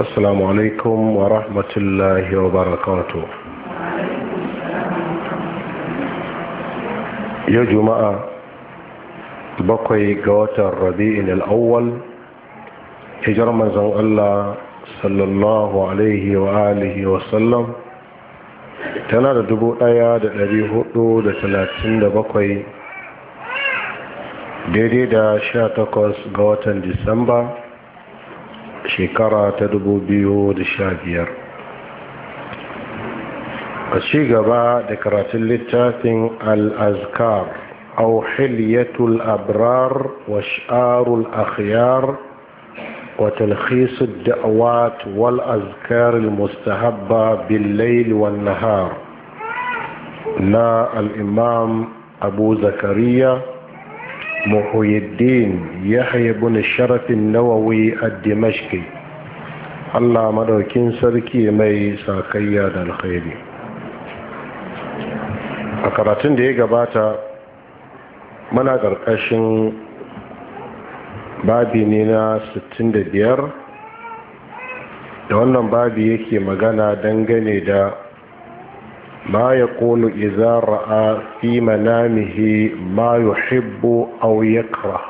assalamu alaikum wa rahmatullahi wa barakatu yau juma'a bakwai ga watan rabi'in al'awwal hijar manzan Allah sallallahu alaihi wa alihi wa sallam tana da dubu ɗaya da ɗari huɗu da talatin da bakwai daidai da sha takwas ga watan disamba shekara ta biyar. a ci gaba da karatun littafin al'azkar au hilyatul abrar wa sha'arul akhyar wa talkhisar da'awat wal azkaril mustahabba billail wan nahar na imam abu zakariya muhuyiddin yahya bin sharafin nawawi a dimashki allah maɗaukin sarki mai sakayya da alkhairi a karatun da ya gabata muna ƙarƙashin babi ne na sittin da biyar, da wannan babi yake magana dangane da ما يقول إذا رأى في منامه ما يحب أو يكره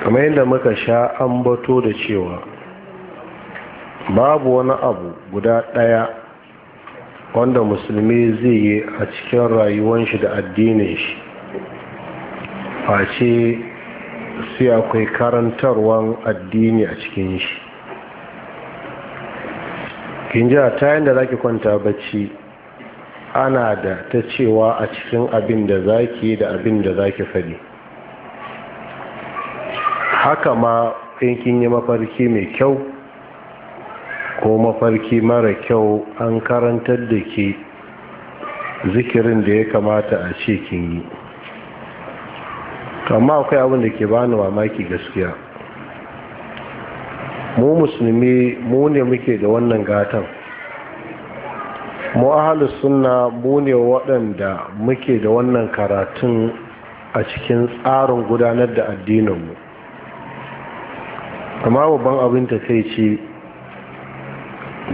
kamar yadda muka sha ambato da cewa babu wani abu guda ɗaya wanda musulmi zai yi a cikin rayuwan shi da addinin shi face sai akwai karantarwan addini a cikin shi kin ji a tayin da zaki kwanta bacci ana da ta cewa a cikin abin da za zaki da abin da za ki faɗi haka ma in kin yi mafarki mai kyau ko mafarki mara kyau an karantar da ke zikirin da ya kamata a ce kin yi amma akwai abin da ke bani mamaki gaskiya mu musulmi mu ne muke da wannan gatan mu ahalu sunna mu ne waɗanda muke da wannan karatun a cikin tsarin gudanar da addininmu amma babban abin ta kai ce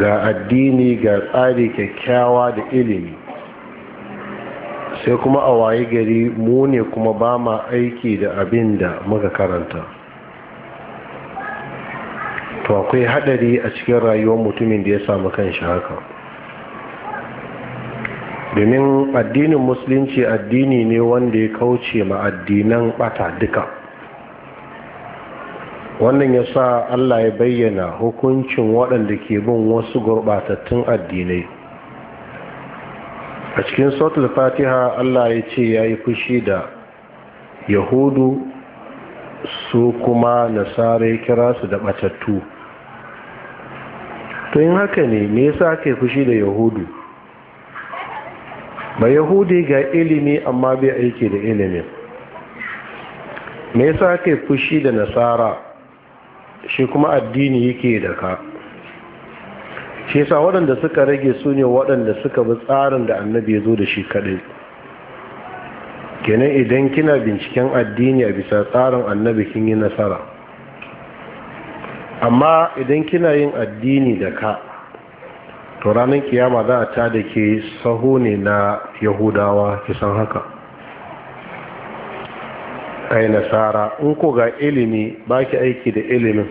ga addini ga tsari kyakkyawa da ilimi sai kuma a waye gari mu ne kuma ba ma aiki da abin da muka karanta to akwai hadari a cikin rayuwar mutumin da ya samu kanshi haka domin addinin musulunci addini ne wanda ya kauce ma addinan bata duka wannan ya sa allah ya bayyana hukuncin waɗanda ke bin wasu gurɓatattun addinai a cikin sautul fatiha allah ya ce ya yi fushi da yahudu su kuma nasara ya kira su da ɓatattu to yin haka ne me yasa aka yi fushi da yahudu ba yahudi ga ilimi amma bai aiki da ilimin me yasa aka yi fushi da nasara shi kuma addini yake da ka shi yasa waɗanda suka rage su ne waɗanda suka bi tsarin da annabi ya zo da shi kaɗai kenan idan kina binciken addini a bisa tsarin annabi kin yi nasara amma idan kina yin addini da ka to ranar kiyama za a ta da ke saho ne na yahudawa kisan haka ai nasara in ko ga ilimi ba ki aiki da ilimin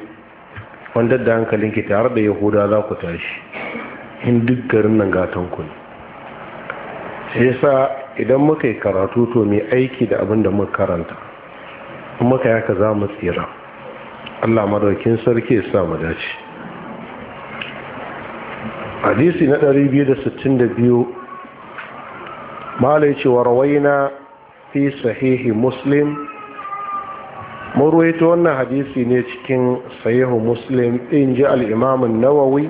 wanda da hankalinki tare da yahuda za ku tashi in duk garin nan gatanku ne sai sa idan muka yi karatu to mai aiki da abin da muka karanta muka yaka za mu tsira Allah madaukin sarki ya sa mu dace hadisi na 262 malai cewa rawaina fi sahihi muslim mun ruwaito wannan hadisi ne cikin sahihu muslim din ji al-imam an-nawawi